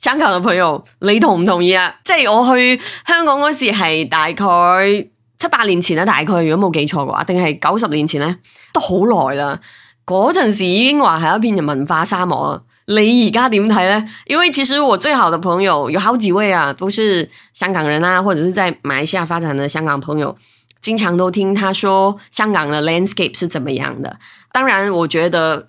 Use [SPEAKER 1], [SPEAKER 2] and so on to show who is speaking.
[SPEAKER 1] 香港的朋友，你同唔同意啊？即係我去香港嗰時是大概七八年前啦，大概如果冇記錯嘅話，定是九十年前呢？都好耐了。嗰陣時已經話係一片文化沙漠了。你而家點睇呢？因為其實我最好的朋友有好幾位啊，都是香港人啊，或者是在馬來西亞發展的香港朋友，經常都聽他說香港的 landscape 是怎麼樣的。當然，我覺得。